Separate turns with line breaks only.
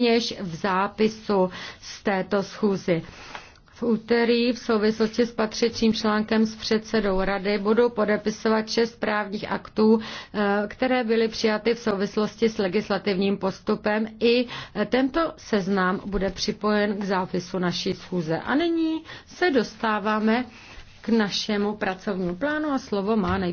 něž v zápisu z této schůzy. V úterý v souvislosti s patřičným článkem s předsedou rady budou podepisovat šest právních aktů, eh, které byly přijaty v souvislosti s legislativním postupem. I eh, tento seznam bude připojen k zápisu naší schůze. A nyní se dostáváme k našemu pracovnímu plánu a slovo má nej.